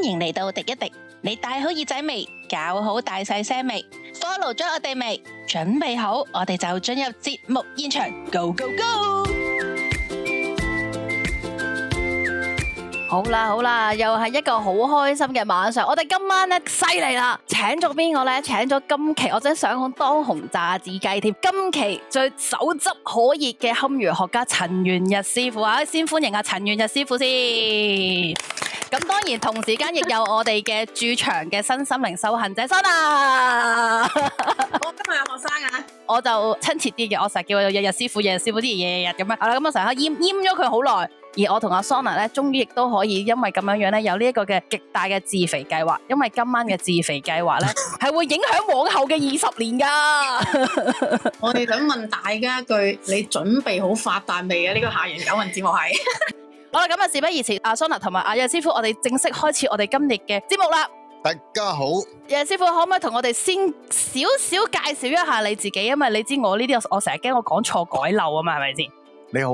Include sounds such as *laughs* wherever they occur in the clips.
歡迎嚟到迪一迪，你帶好耳仔未？搞好大細聲未？follow 咗我哋未？準備好，我哋就進入節目現場，Go Go Go！好啦好啦，又係一個好開心嘅晚上。我哋今晚呢，犀利啦，請咗邊個呢？請咗今期，我真想講當紅炸子雞添。今期最炙手可熱嘅堪輿學家陳元溢師傅啊，先歡迎阿陳元溢師傅先。咁當然同時間亦有我哋嘅駐場嘅身心靈修行者 Sona， *laughs* 我今日有學生啊，我就親切啲嘅，我成日叫佢日日師傅，日日師傅啲，日日日咁樣。 *laughs* 好啦，咁我成日都閹閹咗佢好耐，而我同阿 Sona 咧，終於亦都可以因為咁樣樣咧，有呢一個嘅極大嘅自肥計劃。因為今晚嘅自肥計劃咧，係會影響往後嘅二十年噶。 *laughs* *laughs* 我哋想問大家一句：你準備好發達未啊？呢、這個下元九運節目係。 *laughs* *laughs* 好啦，咁啊，事不宜遲，阿桑娜同埋阿溢師傅，我哋正式開始我哋今日嘅節目啦。大家好，溢師傅可唔可以同我哋先少少介紹一下你自己？因為嘛，你知我呢啲我我成日驚我講錯改漏啊嘛，係咪先？你好，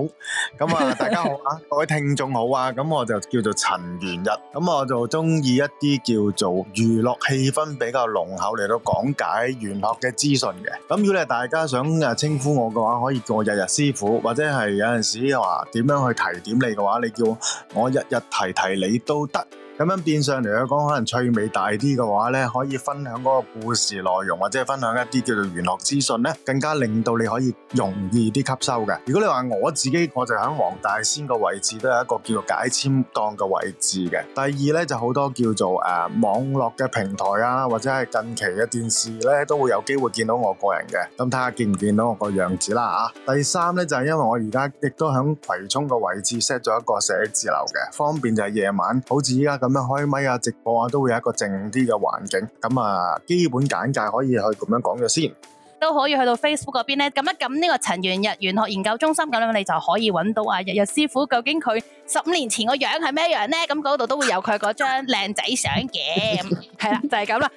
咁啊，大家好啊， *laughs* 各位聽眾好啊，咁我就叫做陳元溢，咁我就中意一啲叫做娛樂氣氛比較濃厚嚟到講解玄學嘅資訊嘅，咁如果你大家想誒稱呼我嘅話，可以叫我溢溢師傅，或者係有陣時話點樣去提點你嘅話，你叫我，我溢溢提提你都得。咁樣變相嚟去講，可能趣味大啲嘅話呢，可以分享嗰個故事內容，或者分享一啲叫做娛樂資訊呢，更加令到你可以容易啲吸收嘅。如果你話我自己，我就喺黃大仙個位置都有一個叫做解簽檔嘅位置嘅。第二呢，就好多叫做誒、啊、網絡嘅平台啊，或者係近期嘅電視呢，都會有機會見到我個人嘅。咁睇下見唔見到我個樣子啦啊！第三呢，就係、是、因為我而家亦都喺葵涌個位置 set 咗一個寫字樓嘅，方便就係夜晚，好似依家咁。咁樣、嗯、開咪啊，直播啊，都會有一個靜啲嘅環境。咁、嗯、啊，基本簡介可以去咁樣講咗先，都可以去到 Facebook 嗰邊咧。咁一撳呢個陳元溢玄學研究中心咁樣，你就可以揾到啊。溢溢師傅，究竟佢十五年前個樣係咩樣咧？咁嗰度都會有佢嗰張靚仔相嘅。係啦，就係咁啦。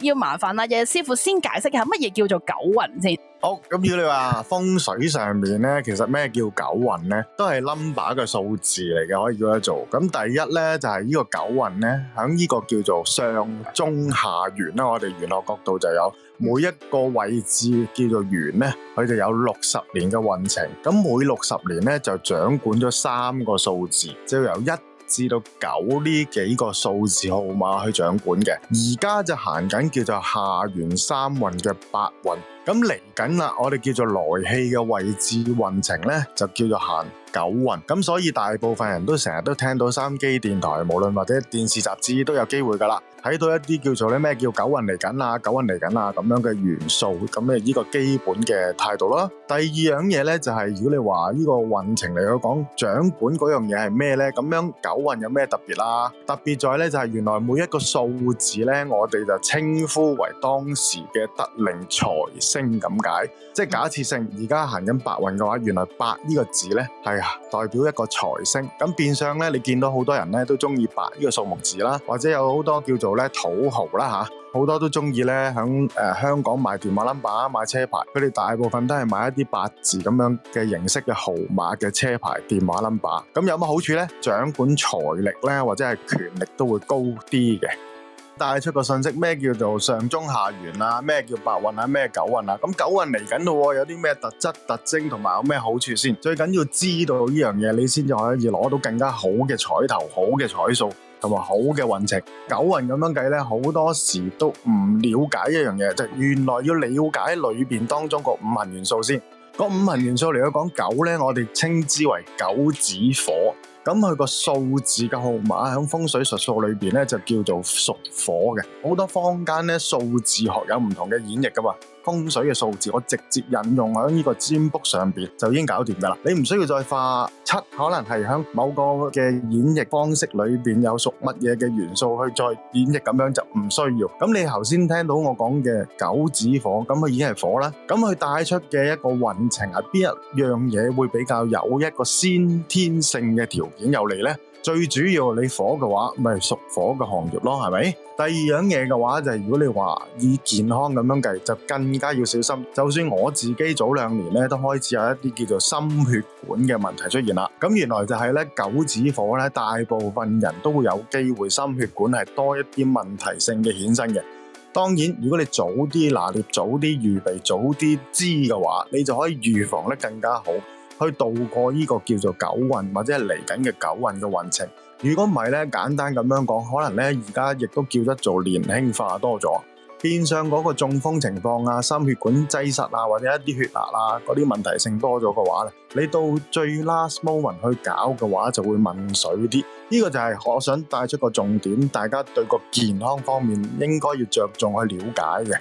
要麻煩阿溢溢師傅先解釋下乜嘢叫做九運先。好咁，如果你話風水上面咧，其實咩叫九運咧，都係 number 嘅數字嚟嘅，可以叫得做。咁第一咧就係、是、呢個九運咧，喺呢個叫做上中下元啦。我哋元學角度就有每一個位置叫做元咧，佢就有六十年嘅運程。咁每六十年咧就掌管咗三個數字，就由一至到九呢幾個數字號碼去掌管嘅。而家就行緊叫做下元三運嘅八運。咁嚟緊啦，我哋叫做來氣嘅位置運程呢，就叫做行九運。咁所以大部分人都成日都聽到三機電台，無論或者電視雜誌都有機會噶啦，睇到一啲叫做咧咩叫九運嚟緊啊，九運嚟緊啊咁樣嘅元素。咁咧呢個基本嘅態度啦。第二樣嘢呢，就係如果你話呢個運程嚟講掌管嗰樣嘢係咩呢？咁樣九運有咩特別啊？特別在呢，就係原來每一個數字呢，我哋就稱呼為當時嘅得令財星。咁解，即係假設性。而家行緊白運嘅話，原來白呢個字呢係代表一個財星。咁變相呢，你見到好多人呢都中意白呢個數目字啦，或者有好多叫做呢土豪啦吓，好多都中意呢，響誒、呃、香港買電話 number、買車牌，佢哋大部分都係買一啲八字咁樣嘅形式嘅號碼嘅車牌、電話 number。咁有乜好處呢？掌管財力呢，或者係權力都會高啲嘅。帶出個信息，咩叫做上中下元啊？咩叫白運啊？咩九運啊？咁九運嚟緊咯，有啲咩特質、特徵同埋有咩好處先？最緊要知道呢樣嘢，你先至可以攞到更加好嘅彩頭、好嘅彩數同埋好嘅運程。九運咁樣計咧，好多時都唔了解一樣嘢，就係原來要了解裏邊當中個五行元素先。個五行元素嚟到講九咧，我哋稱之為九子火。咁佢個數字嘅號碼喺風水術數裏邊咧就叫做屬火嘅。好多坊間咧數字學有唔同嘅演繹噶嘛，風水嘅數字我直接引用喺呢個占卜上邊就已經搞掂噶啦，你唔需要再化七，可能係響某個嘅演繹方式裏邊有屬乜嘢嘅元素去再演繹，咁樣就唔需要。咁你頭先聽到我講嘅九紫火，咁佢已經係火啦，咁佢帶出嘅一個運程係邊一樣嘢會比較有一個先天性嘅條件？影有利咧，最主要你火嘅話，咪、就、屬、是、火嘅行業咯，係咪？第二樣嘢嘅話就係、是、如果你話以健康咁樣計，就更加要小心。就算我自己早兩年咧，都開始有一啲叫做心血管嘅問題出現啦。咁原來就係咧，九子火咧，大部分人都會有機會心血管係多一啲問題性嘅衍生嘅。當然，如果你早啲拿捏、早啲預備、早啲知嘅話，你就可以預防得更加好。去渡過呢個叫做九運或者係嚟緊嘅九運嘅運程，如果唔係咧，簡單咁樣講，可能咧而家，亦都叫得做年輕化多咗，變相嗰個中風情況啊、心血管擠塞啊或者一啲血壓啊嗰啲問題性多咗嘅話咧，你到最 last moment 去搞嘅話就會問水啲，呢個就係我想帶出個重點，大家對個健康方面應該要着重去了解嘅。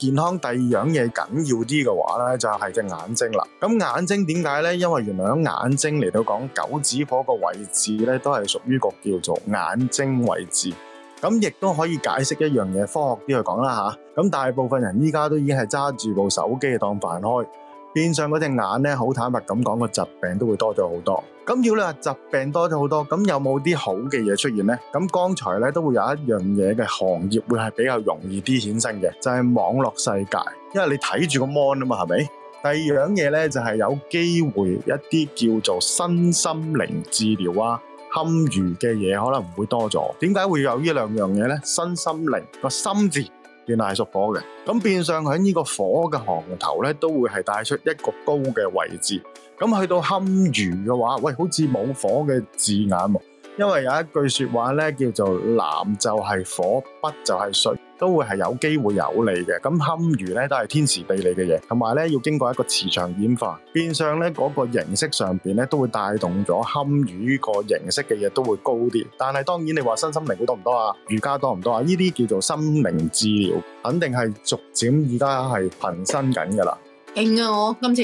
健康第二樣嘢緊要啲嘅話咧，就係隻眼睛啦。咁眼睛點解咧？因為原來喺眼睛嚟到講九紫火個位置咧，都係屬於個叫做眼睛位置。咁亦都可以解釋一樣嘢，科學啲去講啦吓，咁大部分人依家都已經係揸住部手機當飯開。面上嗰隻眼咧，好坦白咁講，個疾病都會多咗好多。咁要你話，疾病多咗好多，咁有冇啲好嘅嘢出現呢？咁剛才咧都會有一樣嘢嘅行業會係比較容易啲衍生嘅，就係、是、網絡世界，因為你睇住個 mon 啊嘛，係咪？第二樣嘢咧就係、是、有機會一啲叫做身心靈治療啊、堪輿嘅嘢可能會多咗。點解會有呢兩樣嘢呢？身心靈個心智。變大屬火嘅，咁變相喺呢個火嘅行頭咧，都會係帶出一個高嘅位置。咁去到堪輿嘅話，喂，好似冇火嘅字眼喎，因為有一句說話咧，叫做南就係火，北就係水。都會係有機會有利嘅，咁堪輿咧都係天時地利嘅嘢，同埋咧要經過一個磁場演化，變相咧嗰、那個形式上邊咧都會帶動咗堪輿個形式嘅嘢都會高啲。但係當然你話身心靈多唔多啊？瑜伽多唔多啊？呢啲叫做心靈治療，肯定係逐漸而家係膨伸緊㗎啦。勁啊，我今次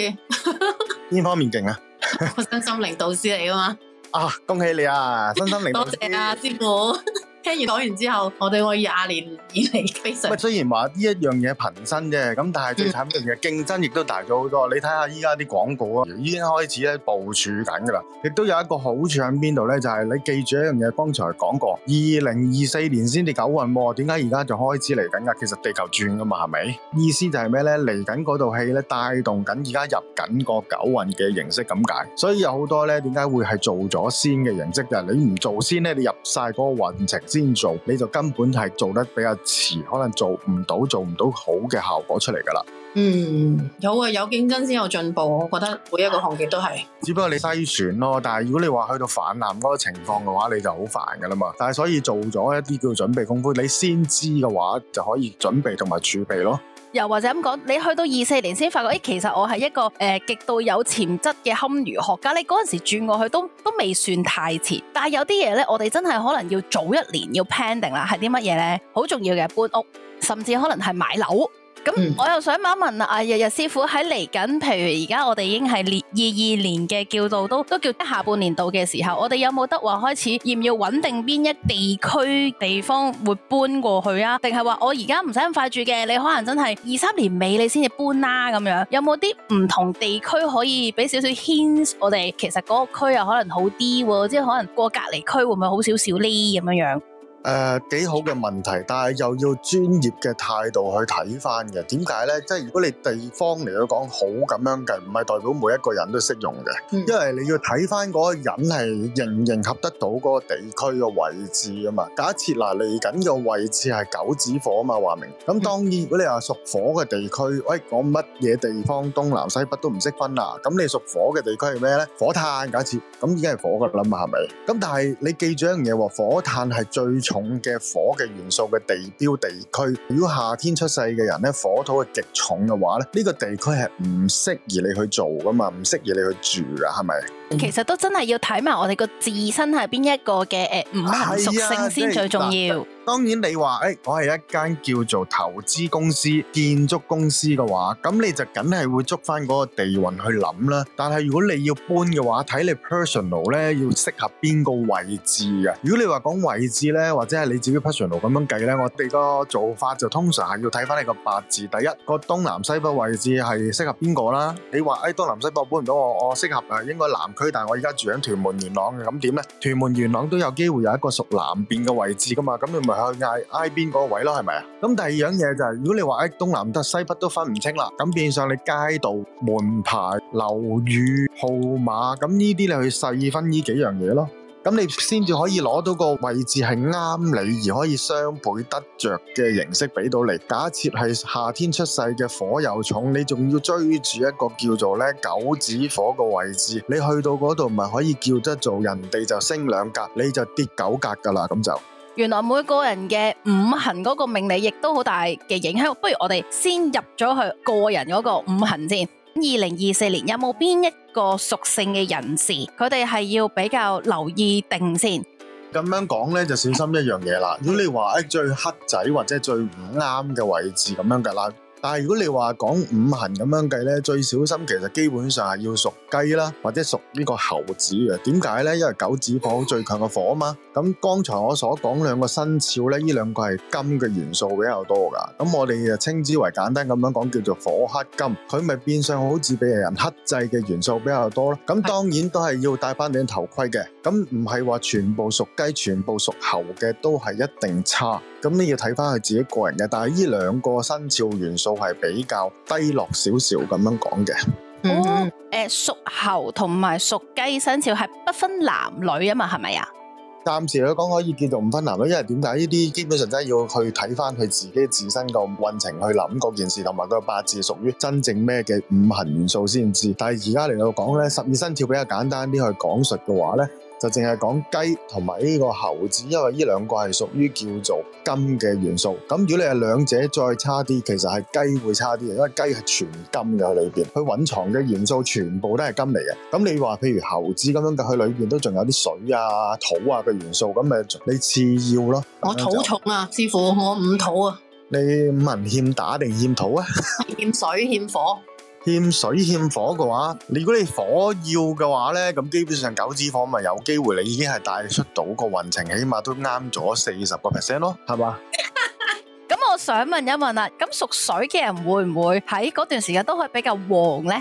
邊方面勁啊？我， *laughs* 啊 *laughs* 我身心靈導師嚟啊嘛。啊，恭喜你啊，身心靈導師。多 *laughs* 謝，謝啊師傅。 *laughs* 聽完講完之後，我哋可以廿年以嚟非常。咁雖然話呢一樣嘢頻身嘅，咁但係最慘嘅嘢，競爭亦都大咗好多。你睇下依家啲廣告啊，已經開始咧部署緊噶啦。亦都有一個好處喺邊度咧，就係、是、你記住一樣嘢，剛才講過，二零二四年先至九運，點解而家仲開始嚟緊噶？其實地球轉噶嘛，係咪？意思就係咩咧？嚟緊嗰套戲咧，帶動緊而家入緊個九運嘅形式咁解。所以有好多咧，點解會係做咗先嘅形式嘅？就係、你唔做先咧，你入晒嗰個運程。先做你就根本係做得比較遲，可能做唔到，做唔到好嘅效果出嚟噶啦。嗯，有啊，有競爭先有進步，我覺得每一個行業都係。只不過你篩選咯，但係如果你話去到泛濫嗰個情況嘅話，你就好煩噶啦嘛。但係所以做咗一啲叫準備功夫，你先知嘅話就可以準備同埋儲備咯。又或者咁講，你去到二四年先發覺，哎，其實我係一個誒、呃、極度有潛質嘅堪輿學家。你嗰陣時轉過去都都未算太遲，但係有啲嘢咧，我哋真係可能要早一年要 plan 定啦。係啲乜嘢咧？好重要嘅搬屋，甚至可能係買樓。咁、嗯、我又想問一問啦，日、哎、日師傅喺嚟緊，譬如而家我哋已經係年二二年嘅叫做都都叫下半年度嘅時候，我哋有冇得話開始要唔要穩定邊一地區地方會搬過去啊？定係話我而家唔使咁快住嘅，你可能真係二三年尾你先至搬啦、啊、咁樣。有冇啲唔同地區可以俾少少 hint 我哋，其實嗰個區又可能好啲喎，即係可能過隔離區會唔會好少少呢咁樣樣？誒幾好嘅問題，但係又要專業嘅態度去睇翻嘅。點解呢？即係如果你地方嚟講好咁樣嘅，唔係代表每一個人都適用嘅。因為你要睇翻嗰個人係認唔認合得到嗰個地區嘅位置啊嘛。假設嗱，嚟緊個位置係九紫火啊嘛，話明。咁當然如果你話屬火嘅地區，喂，我乜嘢地方東南西北都唔識分啊？咁你屬火嘅地區係咩呢？火炭。假設咁已經係火嘅啦嘛，係咪？咁但係你記住一樣嘢喎，火炭係最初。重嘅火嘅元素嘅地標地區，如果夏天出世嘅人咧，火土係極重嘅話咧，呢個地區係唔適宜你去做噶嘛唔適宜你去住啊，係咪？其實都真係要睇埋我哋個自身係邊一個嘅誒五行屬性先最重要啊。當然你話誒、欸、我係一間叫做投資公司，建築公司嘅話，咁你就梗係會捉翻嗰個地運去諗啦。但係如果你要搬嘅話，睇你 personal 咧要適合邊個位置啊？如果你話講位置咧，或者係你自己 personal 咁樣計咧，我哋個做法就通常係要睇翻你個八字。第一個東南西北位置係適合邊個啦？你話誒、欸、東南西北搬唔到我，我我適合啊，應該南。但係我而家住響屯門元朗嘅，咁點呢？屯門元朗都有機會有一個屬南邊嘅位置噶嘛，咁你咪去嗌挨邊嗰個位咯，係咪啊？咁第二樣嘢就係、是，如果你話喺東南得西北都分唔清啦，咁變相你街道門牌樓宇號碼，咁呢啲你去細分呢幾樣嘢咯。咁你先至可以攞到個位置係啱你，而可以相配得着嘅形式俾到你。假設係夏天出世嘅火又重，你仲要追住一個叫做咧九紫火個位置，你去到嗰度咪可以叫得做人哋就升兩格，你就跌九格㗎喇。咁就原來每個人嘅五行嗰個命理亦都好大嘅影響。不如我哋先入咗去個人嗰個五行先。二零二四年有冇邊一個屬性嘅人士，佢哋係要比較留意定先？咁樣講咧，就小心一樣嘢啦。如果你話喺最黑仔或者最唔啱嘅位置咁樣㗎啦。但係如果你話講五行咁樣計呢，最小心其實基本上係要屬雞啦，或者屬呢個猴子嘅。點解呢？因為九紫火最強嘅火啊嘛。咁剛才我所講兩個生肖呢，呢兩個係金嘅元素比較多噶。咁我哋就稱之為簡單咁樣講叫做火克金，佢咪變相好似俾人克制嘅元素比較多咯。咁當然都係要戴翻頂頭盔嘅。咁唔係話全部屬雞、全部屬猴嘅都係一定差。咁你要睇翻佢自己個人嘅。但係呢兩個生肖元素，都係比較低落少少咁樣講嘅。嗯，誒、呃，屬猴同埋屬雞生肖係不分男女啊嘛，係咪啊？暫時嚟講可以叫做唔分男女，因為點解呢啲基本上真係要去睇翻佢自己自身個運程去諗嗰件事，同埋個八字屬於真正咩嘅五行元素先知。但係而家嚟到講咧，十二生肖比較簡單啲去講述嘅話咧，就淨係講雞同埋呢個猴子，因為呢兩個係屬於叫做金嘅元素。咁如果你係兩者再差啲，其實係雞會差啲嘅，因為雞係全金嘅喺裏邊，佢蘊藏嘅元素全部都係金嚟嘅。咁你話譬如猴子咁樣嘅，佢裏邊都仲有啲水啊、土啊嘅元素，咁咪你次要咯。我土重啊，師傅，我五土啊。你問欠打定欠土啊？欠水欠火。欠水欠火嘅話，如果你火要嘅話呢，咁基本上九紫火咪有機會，你已經係帶出到個運程，起碼都啱咗四十個 percent 咯，係嘛？咁我想問一問啦，咁屬水嘅人會唔會喺嗰段時間都可以比較旺呢？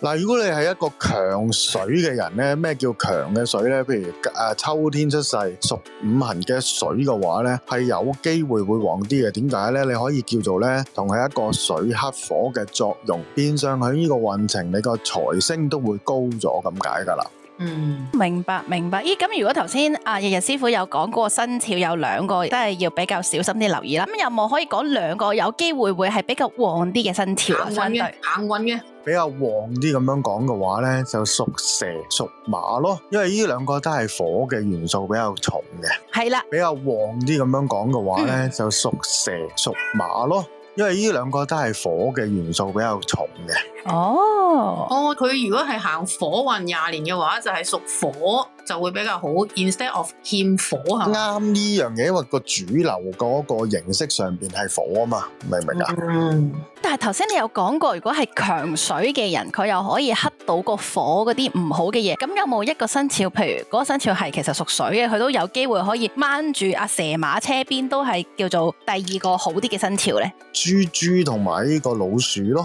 嗱，如果你係一個強水嘅人咧，咩叫強嘅水咧？譬如誒、啊，秋天出世，屬五行嘅水嘅話咧，係有機會會旺啲嘅。點解咧？你可以叫做咧，同係一個水克火嘅作用，變相喺呢個運程，你個財星都會高咗咁解噶啦。嗯，明白明白。咦，咁如果頭先啊，溢溢師傅有講過生肖有兩個都係要比較小心啲留意啦。咁有冇可以講兩個有機會會係比較旺啲嘅生肖行？啊對？行運嘅，行運嘅。比較旺啲咁樣講嘅話呢，就屬蛇、屬馬咯，因為呢兩個都係火嘅元素比較重嘅。係啦的，比較旺啲咁樣講嘅話呢，嗯、就屬蛇、屬馬咯，因為呢兩個都係火嘅元素比較重嘅。Oh. 哦，哦，佢如果係行火運廿年嘅話，就係、是、屬火就會比較好 *noise* ，instead of 欠火係。啱呢樣嘢，因為個主流嗰個形式上邊係火啊嘛，明唔明啊？ *noise* *noise* 但係頭先你有講過，如果係強水嘅人，佢又可以黑到個火嗰啲唔好嘅嘢，咁有冇一個生肖，譬如嗰個生肖係其實屬水嘅，佢都有機會可以掹住阿蛇馬車邊，都係叫做第二個好啲嘅生肖呢？豬豬同埋呢個老鼠咯。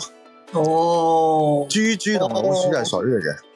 哦，豬豬同老鼠係水嚟嘅。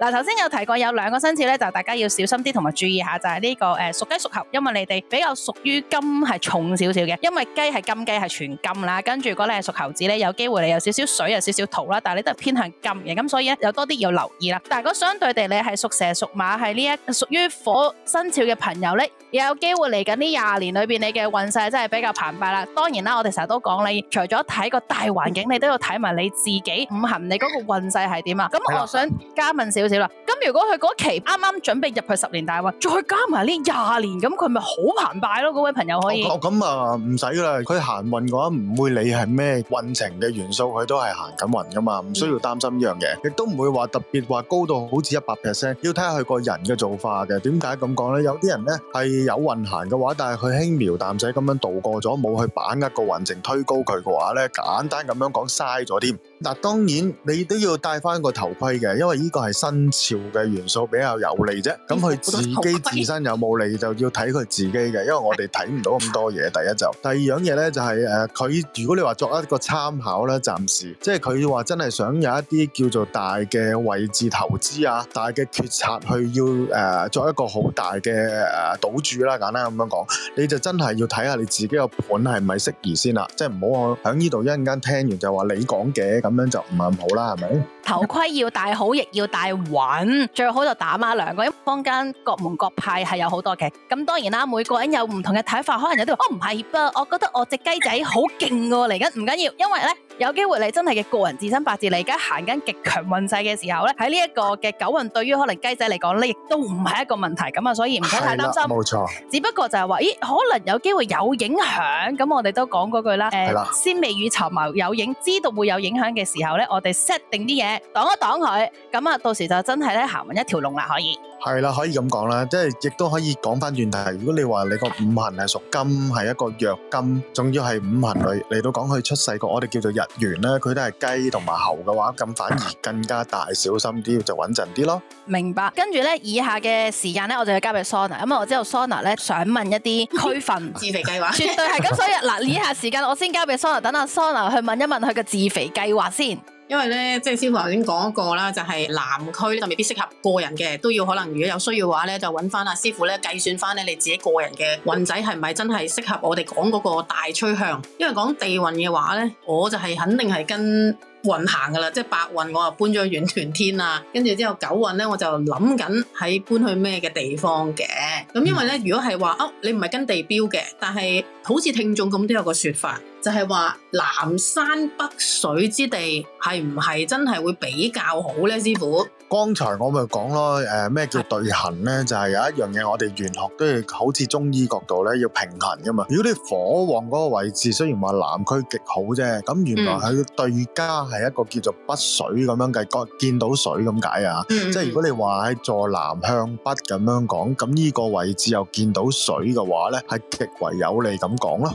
嗱，頭先有提過有兩個生肖咧，就大家要小心啲同埋注意下，就係呢個誒屬雞屬猴，因為你哋比較屬於金係重少少嘅，因為雞係金雞係全金啦，跟住如果你係屬猴子咧，有機會你有少少水有少少土啦，但係你都係偏向金嘅，咁所以咧有多啲要留意啦。但係如果相對地你係屬蛇屬馬係呢一屬於火生肖嘅朋友咧，有機會嚟緊呢廿年裏邊你嘅運勢真係比較澎湃啦。當然啦，我哋成日都講你除咗睇個大環境，你都要睇埋你自己五行你嗰個運勢係點啊。咁我想加問少。咁如果佢嗰期啱啱準備入去十年大運，再加埋呢廿年，咁佢咪好澎湃咯？各位朋友可以，咁啊唔使啦。佢行運嘅話，唔會理係咩運程嘅元素，佢都係行緊運噶嘛，唔需要擔心呢樣嘢，亦都唔會話特別話高到好似一百 percent，要睇下佢個人嘅做法嘅。點解咁講咧？有啲人咧係有運行嘅話，但係佢輕描淡寫咁樣度過咗，冇去把握個運程推高佢嘅話咧，簡單咁樣講嘥咗添。嗱，當然你都要戴翻個頭盔嘅，因為呢個係新潮嘅元素比較有利啫。咁佢自己自身有冇利？ *laughs* 就要睇佢自己嘅。因為我哋睇唔到咁多嘢，第一就第二樣嘢呢，就係誒佢如果你話作一個參考啦，暫時即係佢話真係想有一啲叫做大嘅位置投資啊，大嘅決策去要誒、呃、作一個好大嘅誒賭注啦，簡單咁樣講，你就真係要睇下你自己個盤係咪適宜先啦，即係唔好我喺呢度一陣間聽完就話你講嘅咁樣就唔係咁好啦，係咪？頭盔要戴好，亦要戴穩，最好就打孖兩個，因為坊間各門各派係有好多嘅。咁當然啦，每個人有唔同嘅睇法，可能有啲話，我唔係噃，我覺得我隻雞仔好勁喎，嚟緊唔緊要？因為呢。有機會你真係嘅個人自身八字，你而家行緊極強運勢嘅時候咧，喺呢一個嘅九運對於可能雞仔嚟講，咧亦都唔係一個問題咁啊，所以唔使太擔心。冇錯，只不過就係話，咦，可能有機會有影響。咁我哋都講嗰句啦，誒，先未雨綢繆有影，知道會有影響嘅時候咧，我哋 set 定啲嘢擋一擋佢。咁啊，到時就真係咧，行運一條龍啦，可以。係啦，可以咁講啦，即係亦都可以講翻轉頭。如果你話你個五行係屬金，係一個弱金，仲要係五行女嚟到講佢出世個，我哋叫做日。完咧，佢都係雞同埋猴嘅話，咁反而更加大， *laughs* 小心啲就穩陣啲咯。明白，跟住咧以下嘅時間咧，我就要交俾 Sona，因為、嗯、我知道 Sona 咧想問一啲區份自肥計劃，絕 *laughs* 對係。咁所以嗱、 *laughs* 啊，以下時間我先交俾 Sona，等阿 Sona 去問一問佢嘅自肥計劃先。因為咧，即係師傅頭先講過啦，就係南區咧就未必適合個人嘅，都要可能如果有需要嘅話咧，就揾翻阿師傅咧計算翻咧你自己個人嘅運仔係咪真係適合我哋講嗰個大趨向。因為講地運嘅話咧，我就係肯定係跟。運行噶啦，即係白運，我啊搬咗遠團天啦，跟住之後九運咧，我就諗緊喺搬去咩嘅地方嘅。咁因為咧，如果係話，哦，你唔係跟地標嘅，但係好似聽眾咁都有個説法，就係話南山北水之地係唔係真係會比較好咧？師傅。剛才我咪講咯，誒、呃、咩叫對衡咧？就係、是、有一樣嘢，我哋玄學都要好似中醫角度咧，要平衡噶嘛。如果你火旺嗰個位置，雖然話南區極好啫，咁原來佢對家係一個叫做北水咁樣計，個見到水咁解啊。嗯嗯嗯。即係如果你話喺坐南向北咁樣講，咁呢個位置又見到水嘅話咧，係極為有利咁講咯。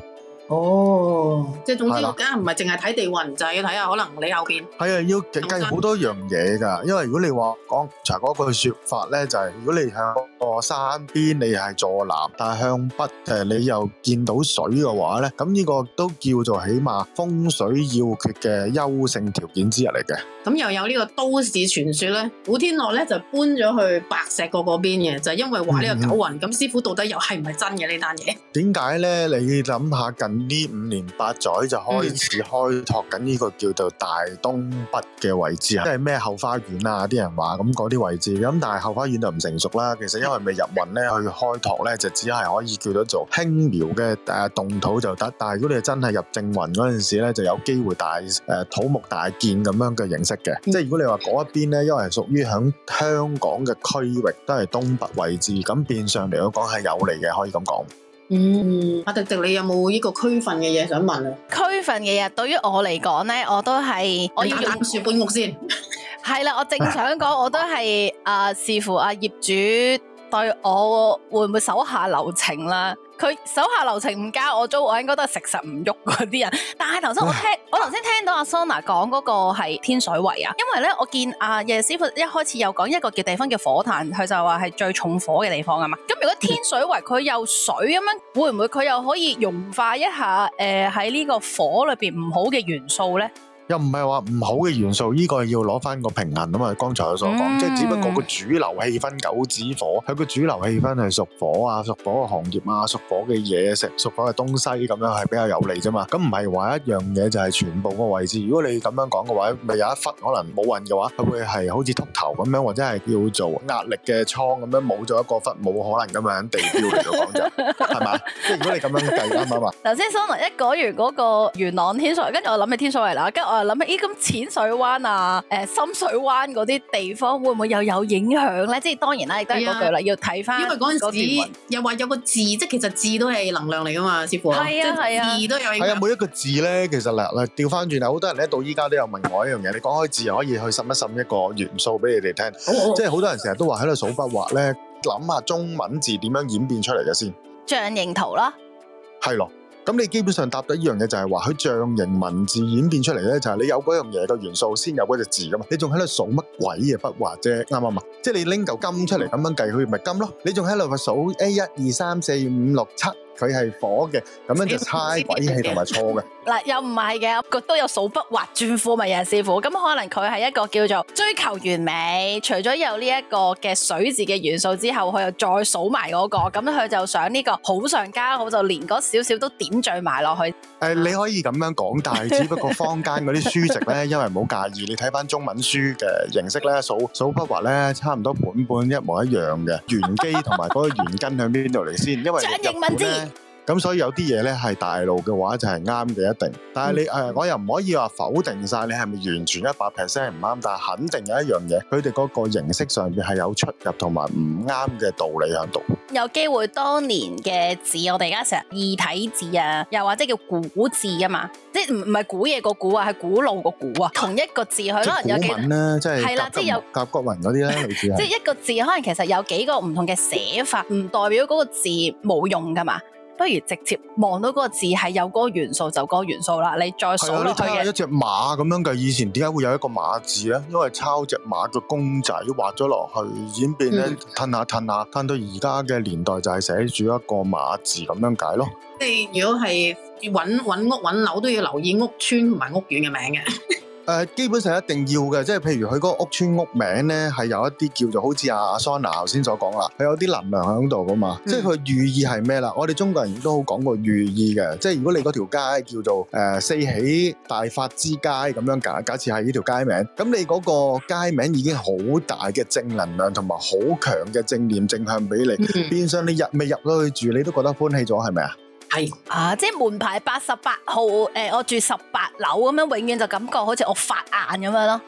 哦，即係總之，梗係唔係淨係睇地運，就是、要睇下可能你後邊係啊，要計好多樣嘢噶。因為如果你話講查嗰句說法咧，就係、是、如果你向個山邊你係坐南，但係向北誒，你又見到水嘅話咧，咁呢個都叫做起碼風水要訣嘅優勝條件之一嚟嘅。咁又有呢個都市傳說咧，古天樂咧就搬咗去白石角嗰邊嘅，就係、是、因為話呢個九運。咁、嗯、師傅到底又係唔係真嘅呢單嘢點解咧？你諗下近。呢五年八載就開始開拓緊呢個叫做大東北嘅位置啊，即係咩後花園啊，啲人話咁嗰啲位置，咁但係後花園、啊、就唔成熟啦。其實因為未入運咧，去開拓咧就只係可以叫做輕描嘅誒動土就得。但係如果你真係入正運嗰陣時咧，就有機會大誒、啊、土木大建咁樣嘅形式嘅。即係如果你話嗰一邊咧，因為係屬於喺香港嘅區域都係東北位置，咁變相嚟嚟講係有利嘅，可以咁講。嗯，阿、啊、迪迪，你有冇呢個區份嘅嘢想問啊？區份嘅嘢，對於我嚟講咧，我都係我要諗住搬屋先。係 *laughs* 啦，我正想講，我都係啊、呃，視乎阿、啊、業主對我會唔會手下留情啦。佢手下留情唔加我租，我應該都係食實唔喐嗰啲人。但係頭先我聽，唉我頭先聽到阿 Sona 講嗰個係天水圍啊，因為咧我見阿溢師傅一開始有講一個叫地方叫火炭，佢就話係最重火嘅地方啊嘛。咁、嗯嗯、如果天水圍佢有水咁樣，會唔會佢又可以融化一下？誒喺呢個火裏邊唔好嘅元素咧？又唔係話唔好嘅元素，呢、這個要攞翻個平衡啊嘛！剛才我所講，即係、嗯、只不過個主流氣氛九紫火，佢個主流氣氛係屬火啊，屬火嘅行業啊，屬火嘅嘢食、屬火嘅東西咁樣係比較有利啫嘛。咁唔係話一樣嘢就係全部個位置。如果你咁樣講嘅話，咪有一忽可能冇運嘅話，佢唔會係好似同頭咁樣，或者係叫做壓力嘅倉咁樣冇咗一個忽冇可能咁樣地標嚟到講就係嘛？即係如果你咁樣計啱唔啱啊？頭先先一講完嗰個元朗天水，跟住我諗起天水嚟啦，跟起欸、淺水灣啊諗下咦，咁淺水灣啊誒，深水灣嗰啲地方會唔會又有影響咧？即係當然啦，亦都係嗰句啦，的要睇翻。因為嗰陣時又話有個字，即係其實字都係能量嚟噶嘛，師傅係啊係啊，字都有影響。係啊，每一個字咧，其實咧，咧，調翻轉，好多人咧到依家都有問我一樣嘢。你講開字又可以去滲一滲一個元素俾你哋聽。哦哦哦哦，即係好多人成日都話喺度數筆畫咧，諗下中文字點樣演變出嚟嘅先。象形圖咯。係咯。咁你基本上答到依樣嘢就係話，佢象形文字演變出嚟咧、啊，就係你有嗰樣嘢嘅元素先有嗰隻字噶嘛，你仲喺度數乜鬼嘅筆畫啫，啱唔啱啊？即係你拎嚿金出嚟咁樣計，佢咪金咯？你仲喺度話數 A 一二三四五六七。佢係火嘅，咁樣就猜鬼氣同埋錯嘅。嗱，又唔係嘅，我覺都有數筆畫轉庫，咪呀師傅。咁可能佢係一個叫做追求完美，除咗有呢一個嘅水字嘅元素之後，佢又再數埋嗰個，咁佢就想呢個好上加好，就連嗰少少都點綴埋落去。誒，你可以咁樣講，但係只不過坊間嗰啲書籍咧，因為唔好介意，你睇翻中文書嘅形式咧，數數筆畫咧，差唔多本本一模一樣嘅原機同埋嗰個原根喺邊度嚟先？因為。簡英文字。咁所以有啲嘢咧係大陸嘅話就係啱嘅一定。但係你誒我又唔可以話否定曬你係咪完全一百 percent 唔啱，但係肯定有一樣嘢，佢哋嗰個形式上邊係有出入同埋唔啱嘅道理喺度。有機會當年嘅字，我哋而家成日異體字啊，又或者叫古字啊嘛，即係唔係古嘢個古啊，係古老個古啊，同一個字佢可能有幾，古文咧，即係係啦，即係有甲骨文嗰啲啦，類似係。即係一個字可能其實有幾個唔同嘅寫法，唔代表嗰個字冇用噶嘛。不如直接望到嗰個字係有嗰個元素就嗰個元素啦。你再數落去嘅，係啊，你睇下一隻馬咁樣嘅，以前點解會有一個馬字咧？因為抄隻馬嘅公仔畫咗落去，演變咧，褪下褪下，褪到而家嘅年代就係寫住一個馬字咁樣解咯。你、嗯、如果係揾揾屋揾樓，樓都要留意屋村同埋屋苑嘅名嘅。 *laughs* 誒、呃、基本上一定要嘅，即係譬如佢嗰個屋村屋名咧，係有一啲叫做好似阿阿桑娜 u 頭先所講啦，佢有啲能量喺度噶嘛，嗯、即係佢寓意係咩啦？我哋中國人都好講個寓意嘅，即係如果你嗰條街叫做誒、呃、四喜大發之街咁樣，假假設係呢條街名，咁你嗰個街名已經好大嘅正能量同埋好強嘅正念正向俾你，嗯、哼變相你入未入到去住，你都覺得歡喜咗，係咪啊？啊，即係門牌八十八號，誒、欸，我住十八樓咁樣，永遠就感覺好似我發硬咁樣咯。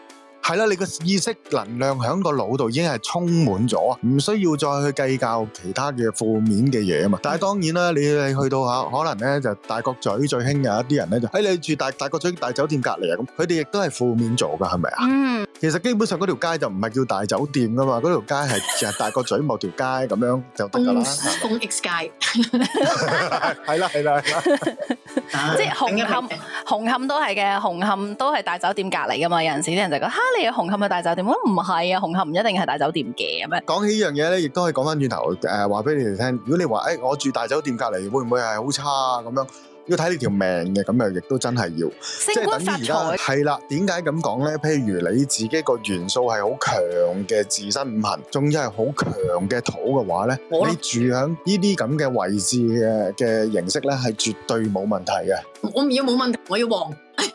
係啦，你個意識能量喺個腦度已經係充滿咗啊，唔需要再去計較其他嘅負面嘅嘢啊嘛。但係當然啦，你你去到吓，可能咧就大角咀最興有一啲人咧就喺你住大大角咀大酒店隔離啊咁，佢哋亦都係負面做㗎，係咪啊？嗯，其實基本上嗰條街就唔係叫大酒店㗎嘛，嗰條街係就係大角咀某條街咁樣就得㗎啦。紅磡街，係啦，係啦，係啦，即係紅磡紅磡都係嘅，紅磡都係大酒店隔離㗎嘛。有陣時啲人就講吓。紅磡嘅大酒店唔係啊，紅磡唔一定係大酒店嘅，咁樣。講起呢樣嘢咧，亦都可以講翻轉頭誒，話、呃、俾你哋聽。如果你話誒、欸，我住大酒店隔籬會唔會係好差啊？咁樣要睇你條命嘅，咁樣亦都真係要。性觀 即係等於而家係啦。點解咁講咧？譬如你自己個元素係好強嘅自身五行，仲要係好強嘅土嘅話咧，你住喺呢啲咁嘅位置嘅嘅形式咧，係絕對冇問題嘅。我唔要冇問題，我要旺。 *laughs*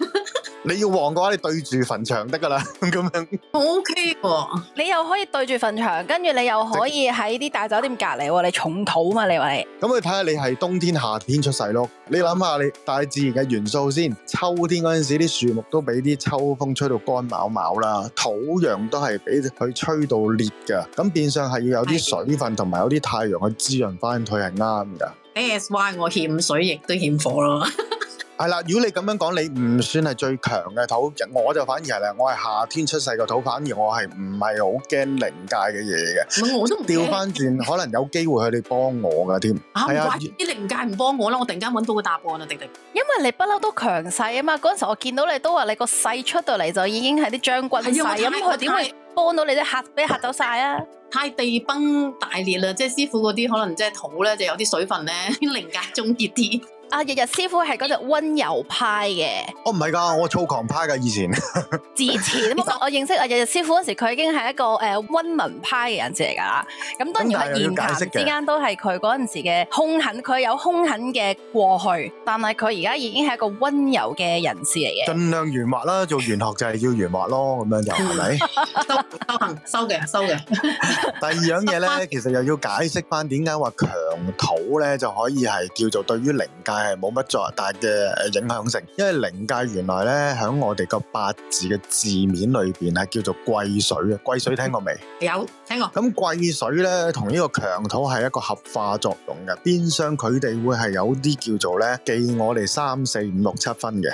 你要旺嘅話，你對住墳場得噶啦，咁樣。O K 喎，你又可以對住墳場，跟住你又可以喺啲大酒店隔籬喎，你，你重土嘛，你話係。咁你睇下你係冬天、夏天出世咯。你諗下你大自然嘅元素先，秋天嗰陣時啲樹木都俾啲秋風吹到乾卯卯啦，土壤都係俾佢吹到裂噶。咁變相係要有啲水分同埋有啲太陽去滋潤翻，佢係啱噶。S, 的 Y 我欠水亦都欠火咯。 *laughs* 係啦，如果你咁樣講，你唔算係最強嘅土，我就反而係啦。我係夏天出世嘅土，反而我係唔係好驚靈界嘅嘢嘅。我都調翻轉， *laughs* 可能有機會佢哋幫我噶添。係啊，啲靈界唔幫我啦，我突然間揾到個答案啦，定定。因為你不嬲都強勢啊嘛，嗰陣時候我見到你都話你個勢出到嚟就已經係啲將軍勢咁，佢點會幫到你啫？吓，俾吓走晒啊！太地崩大裂啦，即係師傅嗰啲可能即係土咧，就有啲水分咧，靈界中結啲。啊！日日師傅係嗰隻温柔派嘅？哦，我唔係㗎，我躁狂派㗎以前。之 *laughs* 前我認識啊，日日師傅嗰時佢已經係一個誒溫文派嘅人士嚟㗎啦。咁當然係言談之間都係佢嗰陣時嘅兇狠，佢有兇狠嘅過去，但係佢而家已經係一個温柔嘅人士嚟嘅。盡量圓滑啦，做玄學就係要圓滑咯，咁樣就係咪？收收行收嘅收嘅。 *laughs* 第二樣嘢咧， *laughs* 其實又要解釋翻點解話強土咧，就可以係叫做對於靈界。係冇乜作大嘅影響性，因為靈界原來咧響我哋個八字嘅字面裏邊係叫做癸水嘅，癸水聽過未？有聽過。咁癸水咧同呢個強土係一個合化作用嘅，變相佢哋會係有啲叫做咧記我哋三四五六七分嘅。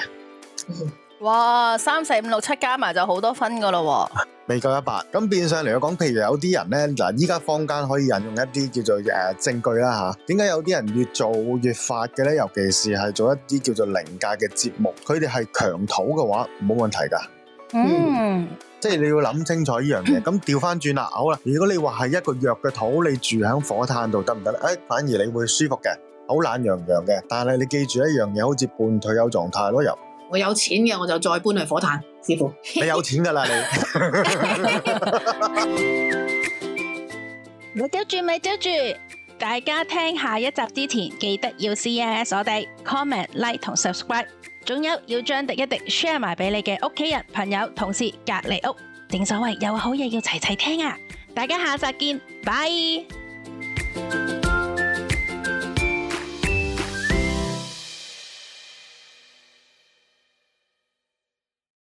哇，三四五六七加埋就好多分噶咯喎。 *laughs* 未夠一百，咁變相嚟嚟講，譬如有啲人呢，嗱，依家坊間可以引用一啲叫做誒、呃、證據啦吓，點解有啲人越做越發嘅呢？尤其是係做一啲叫做靈界嘅節目，佢哋係強土嘅話，冇問題噶。嗯,嗯，即係你要諗清楚呢樣嘢。咁調翻轉啦，好啦，如果你話係一個弱嘅土，你住喺火炭度得唔得咧？誒、哎，反而你會舒服嘅，好懶洋洋嘅。但係你記住一樣嘢，好似半退休狀態咯又。呃、我有錢嘅，我就再搬去火炭。你有錢㗎啦你！咪兜住咪兜住，大家聽下一集之前記得要 C S 我哋 comment like 同 subscribe，仲有要將滴一滴 share 埋俾你嘅屋企人、朋友、同事、隔離屋。正所謂有好嘢要齊齊聽啊！大家下集見，拜拜。